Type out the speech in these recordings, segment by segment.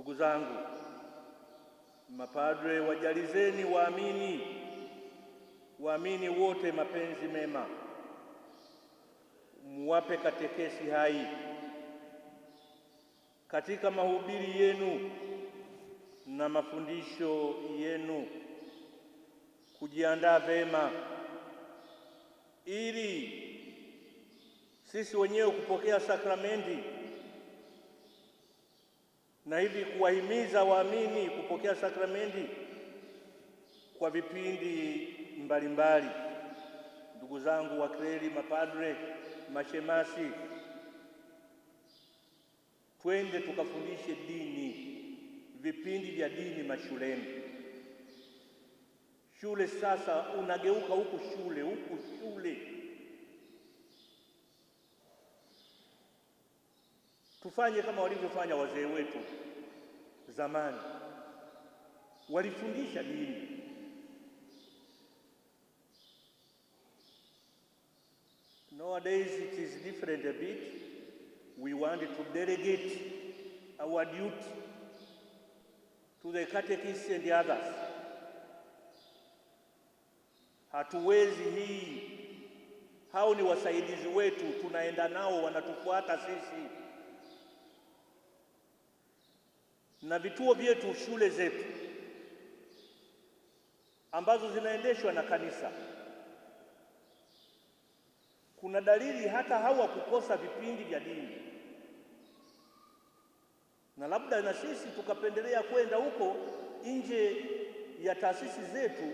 Ndugu zangu mapadre, wajalizeni waamini, waamini wote mapenzi mema, muwape katekesi hai katika mahubiri yenu na mafundisho yenu, kujiandaa vema ili sisi wenyewe kupokea sakramenti na hivi kuwahimiza waamini kupokea sakramenti kwa vipindi mbalimbali. Ndugu zangu wakreli, mapadre, mashemasi, twende tukafundishe dini, vipindi vya dini mashuleni. Shule sasa unageuka huku shule huku shule Tufanye kama walivyofanya wazee wetu zamani, walifundisha dini. Nowadays it is different a bit, we want to delegate our duty to the catechists and the others. Hatuwezi hii, hao ni wasaidizi wetu, tunaenda nao, wanatufuata sisi na vituo vyetu, shule zetu ambazo zinaendeshwa na kanisa, kuna dalili hata hawa kukosa vipindi vya dini, na labda na sisi tukapendelea kwenda huko nje ya taasisi zetu.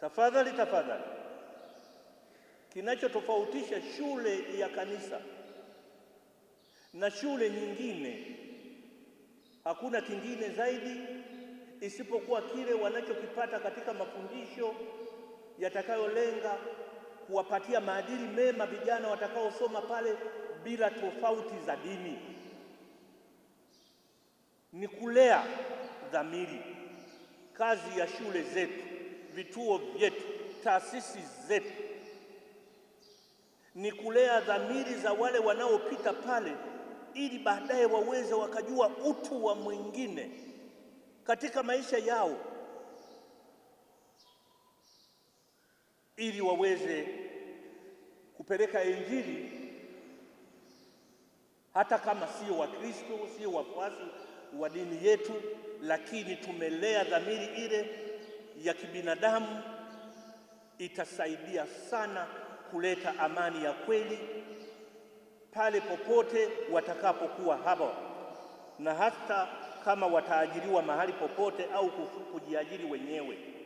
Tafadhali, tafadhali, kinachotofautisha shule ya kanisa na shule nyingine. Hakuna kingine zaidi isipokuwa kile wanachokipata katika mafundisho yatakayolenga kuwapatia maadili mema vijana watakaosoma pale bila tofauti za dini. Ni kulea dhamiri. Kazi ya shule zetu, vituo vyetu, taasisi zetu ni kulea dhamiri za wale wanaopita pale ili baadaye waweze wakajua utu wa mwingine katika maisha yao, ili waweze kupeleka Injili hata kama sio Wakristo, sio wafuasi wa dini yetu, lakini tumelea dhamiri ile ya kibinadamu, itasaidia sana kuleta amani ya kweli pale popote watakapokuwa hapo, na hata kama wataajiriwa mahali popote au kujiajiri wenyewe.